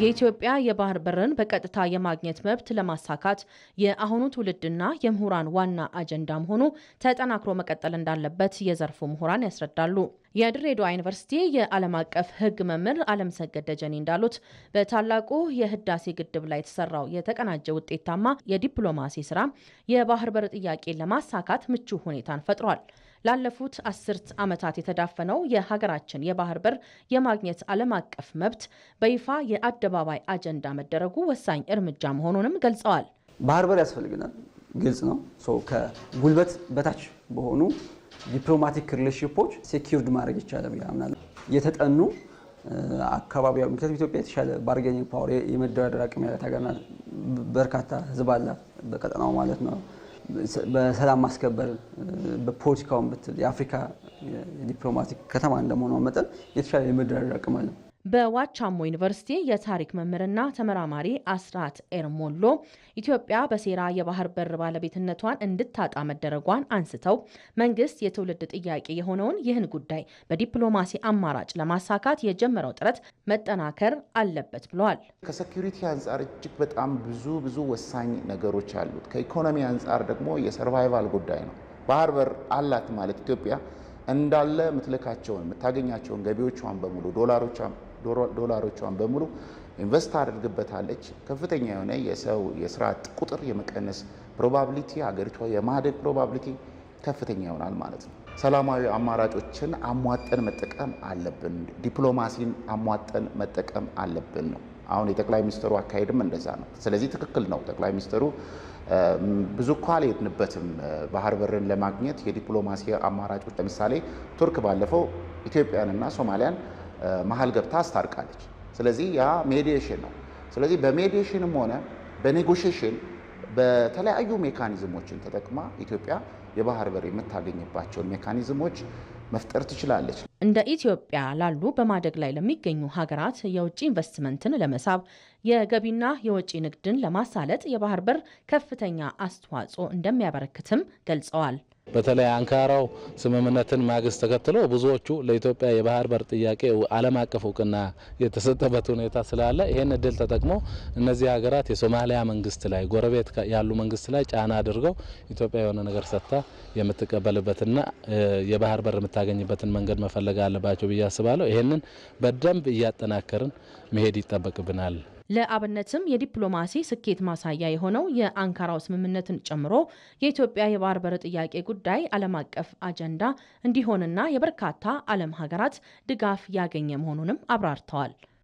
የኢትዮጵያ የባህር በርን በቀጥታ የማግኘት መብት ለማሳካት የአሁኑ ትውልድና የምሁራን ዋና አጀንዳ መሆኑ ተጠናክሮ መቀጠል እንዳለበት የዘርፉ ምሁራን ያስረዳሉ። የድሬዳዋ ዩኒቨርሲቲ የዓለም አቀፍ ሕግ መምህር አለምሰገድ ደጀኔ እንዳሉት በታላቁ የህዳሴ ግድብ ላይ የተሰራው የተቀናጀ ውጤታማ የዲፕሎማሲ ስራ የባህር በር ጥያቄን ለማሳካት ምቹ ሁኔታን ፈጥሯል። ላለፉት አስርት ዓመታት የተዳፈነው የሀገራችን የባህር በር የማግኘት ዓለም አቀፍ መብት በይፋ የአደባባይ አጀንዳ መደረጉ ወሳኝ እርምጃ መሆኑንም ገልጸዋል። ባህር በር ያስፈልግናል፣ ግልጽ ነው። ከጉልበት በታች በሆኑ ዲፕሎማቲክ ሪሌሽንሺፖች ሴኪርድ ማድረግ ይቻላል ብያምናለሁ። የተጠኑ አካባቢያዊ ምክንያቱም ኢትዮጵያ የተሻለ ባርጌኒንግ ፓወር የመደራደር አቅም ያላት ሀገር ናት። በርካታ ህዝብ አላት በቀጠናው ማለት ነው። በሰላም ማስከበር በፖለቲካውን ብትል የአፍሪካ ዲፕሎማቲክ ከተማ እንደመሆኗ መጠን የተሻለ የመደራደር አቅም አለን። በዋቻሞ ዩኒቨርሲቲ የታሪክ መምህርና ተመራማሪ አስራት ኤርሞሎ ኢትዮጵያ በሴራ የባህር በር ባለቤትነቷን እንድታጣ መደረጓን አንስተው መንግስት የትውልድ ጥያቄ የሆነውን ይህን ጉዳይ በዲፕሎማሲ አማራጭ ለማሳካት የጀመረው ጥረት መጠናከር አለበት ብለዋል። ከሴኩሪቲ አንጻር እጅግ በጣም ብዙ ብዙ ወሳኝ ነገሮች አሉት። ከኢኮኖሚ አንጻር ደግሞ የሰርቫይቫል ጉዳይ ነው። ባህር በር አላት ማለት ኢትዮጵያ እንዳለ ምትልካቸውን የምታገኛቸውን ገቢዎቿን በሙሉ ዶላሮቿን ዶላሮቿን በሙሉ ኢንቨስት አድርግበታለች። ከፍተኛ የሆነ የሰው የስራ ቁጥር የመቀነስ ፕሮባብሊቲ፣ ሀገሪቷ የማደግ ፕሮባብሊቲ ከፍተኛ ይሆናል ማለት ነው። ሰላማዊ አማራጮችን አሟጠን መጠቀም አለብን፣ ዲፕሎማሲን አሟጠን መጠቀም አለብን ነው። አሁን የጠቅላይ ሚኒስትሩ አካሄድም እንደዛ ነው። ስለዚህ ትክክል ነው። ጠቅላይ ሚኒስትሩ ብዙ እኮ አልሄድንበትም ባህር በርን ለማግኘት የዲፕሎማሲ አማራጮች ለምሳሌ ቱርክ ባለፈው ኢትዮጵያንና ሶማሊያን መሀል ገብታ አስታርቃለች። ስለዚህ ያ ሜዲሽን ነው። ስለዚህ በሜዲሽንም ሆነ በኔጎሽሽን በተለያዩ ሜካኒዝሞችን ተጠቅማ ኢትዮጵያ የባህር በር የምታገኝባቸውን ሜካኒዝሞች መፍጠር ትችላለች። እንደ ኢትዮጵያ ላሉ በማደግ ላይ ለሚገኙ ሀገራት የውጭ ኢንቨስትመንትን ለመሳብ የገቢና የወጪ ንግድን ለማሳለጥ የባህር በር ከፍተኛ አስተዋጽኦ እንደሚያበረክትም ገልጸዋል። በተለይ አንካራው ስምምነትን ማግስት ተከትሎ ብዙዎቹ ለኢትዮጵያ የባህር በር ጥያቄ ዓለም አቀፍ እውቅና የተሰጠበት ሁኔታ ስላለ ይህን እድል ተጠቅሞ እነዚህ ሀገራት የሶማሊያ መንግስት ላይ ጎረቤት ያሉ መንግስት ላይ ጫና አድርገው ኢትዮጵያ የሆነ ነገር ሰጥታ የምትቀበልበትና የባህር በር የምታገኝበትን መንገድ መፈለግ አለባቸው ብዬ አስባለሁ። ይህንን በደንብ እያጠናከርን መሄድ ይጠበቅብናል። ለአብነትም የዲፕሎማሲ ስኬት ማሳያ የሆነው የአንካራው ስምምነትን ጨምሮ የኢትዮጵያ የባህር በር ጥያቄ ጉዳይ ዓለም አቀፍ አጀንዳ እንዲሆንና የበርካታ ዓለም ሀገራት ድጋፍ ያገኘ መሆኑንም አብራርተዋል።